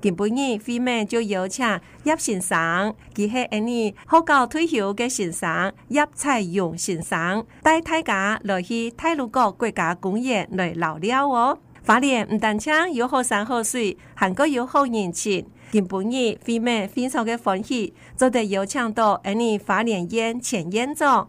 前半日非咩就邀請葉先生，佢係啲好教退休的先生葉彩蓉先生帶大家來去太魯閣國家公園來留了哦，花蓮唔但止有好山好水，行過有好人情。金不日非咩非常的歡喜，做得邀請到啲花蓮煙前煙座。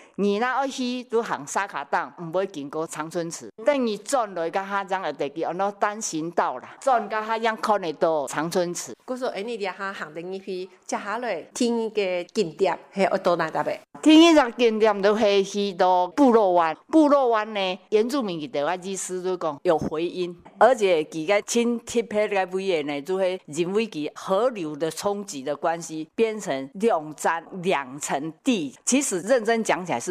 你那阿去都行砂卡礑，唔會經過長春祠。等你轉來個海滄，的得去安喏單行道啦。轉個海滄，可能到長春祠。嗯、我說，哎，你一下行的那批接下來，天一個景點係厄多那大白。天一個景點就會去到布洛灣。布洛灣呢，原住民嘅台灣語史就講有，有回音，而且自己親切拍個尾嘅呢，就係認為佮河流的衝擊的關係，變成兩山兩層地。其實認真講起來是。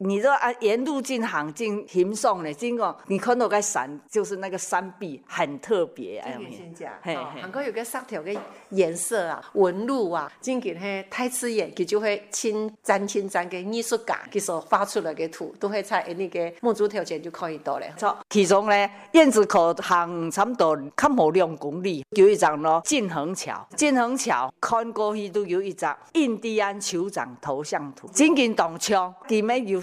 你這按沿路徑行進欣送的真個你看到個山就是那個山壁很特別，哎呦！先講，嘿，還可以有個石頭嘅顏色啊、紋路啊，真嘅嘿太刺眼，佢就會侵沾侵沾嘅藝術感，佢所發出來嘅圖都會在那個滿足條件就可以到嘞。錯，其中嘞燕子口行差不多看冇兩公里，有一張咯靳珩橋，靳珩橋看過去都有一張印第安酋長頭像圖，真嘅動槍，佢咩有。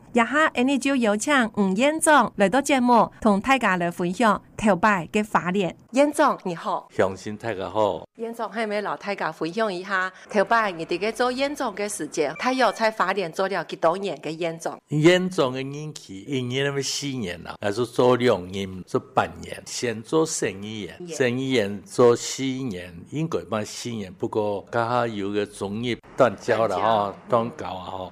一下，俺就邀請吳縣長來到節目，同大家來分享頭擺嘅花蓮。縣長，你好！相信大家好。縣長，下面老大家分享一下頭擺，你這個做縣長的時間，他有在花蓮做了幾多年嘅縣長。縣長嘅任期一年那四年啦，還是做兩年做半年，先做縣議員，言縣議員做四年應該蠻四年，不過剛好有個綜藝斷交了啊，斷交啊！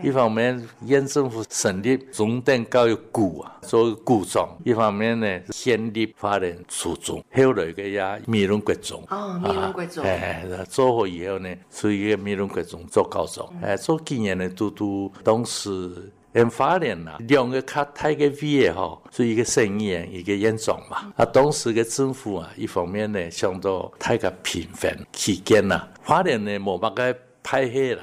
Okay. 一方面，縣政府成立中等教育局啊，做局長；一方面呢，先立花蓮初中，後來個也美容國中。哦，免容國中。誒、啊哎，做好以後呢，做一個美容國中做高中。誒、嗯哎，做幾年呢，都都當時喺花蓮啦、啊，兩個卡太嘅畢業嗬，做、哦、一個生員一個院長嘛。嗯、啊，當時的政府啊，一方面呢，想對太嘅平分期間啦，花蓮呢冇辦法派去啦。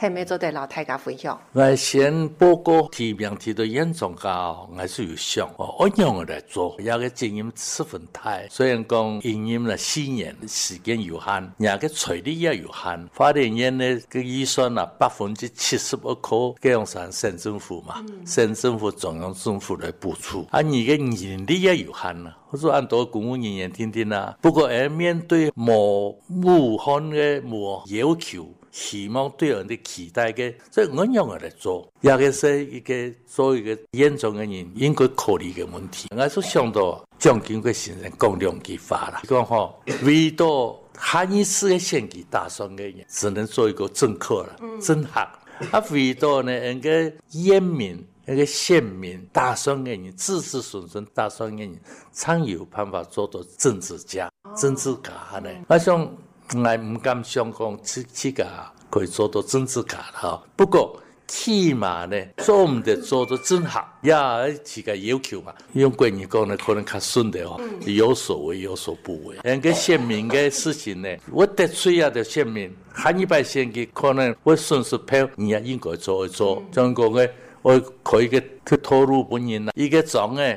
係咪做對老太家分享？我先報告，提名提到嚴重噶、哦哦，我有想上，按用我來做，要個經驗十分大。雖然講醫院啦，四年時間有限，有有人的財力也有限。發電院的個預算啦，百分之七十不可揭陽省省政府嘛，嗯、省政府中央政府來補助。按你的人力也有限啦，或、啊、者按多公務人員聽聽啦、啊。不過而面對冇武漢的冇要求。嗯希望對人的期待的，所以我用的來做，也就是一個作為一個嚴重的人應該考慮的問題。我就想到，蔣經國先生講兩句話啦，伊講吼，為了下一次的選舉打算的人只能做一個政客啦，政客、嗯。啊為了呢，應該嚴民應個縣民打算的人，子子孫孫，打算的人，才有辦法做到政治家，政治家安尼，好從來不敢想講，即即個可以做到政治家的吼，不過起碼呢，做毋得做到真好伊也伊個要求嘛，用國語講呢，可能較順的吼，有所為有所不為。 人家選民的事情呢，我得出迄的選民，限伊百姓去，可能我順續配合，伊也應該做一做。中國呢我可以去去投入本人啦，一個種呢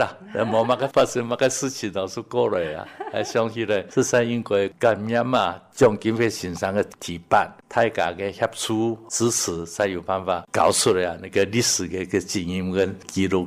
啦， 冇，發生乜個事情，都是過來啊，想起來，實在應該感謝嘛蔣經國先生嘅提拔，大家嘅協助支持，才有辦法搞出來那個歷史嘅一個經驗跟記錄。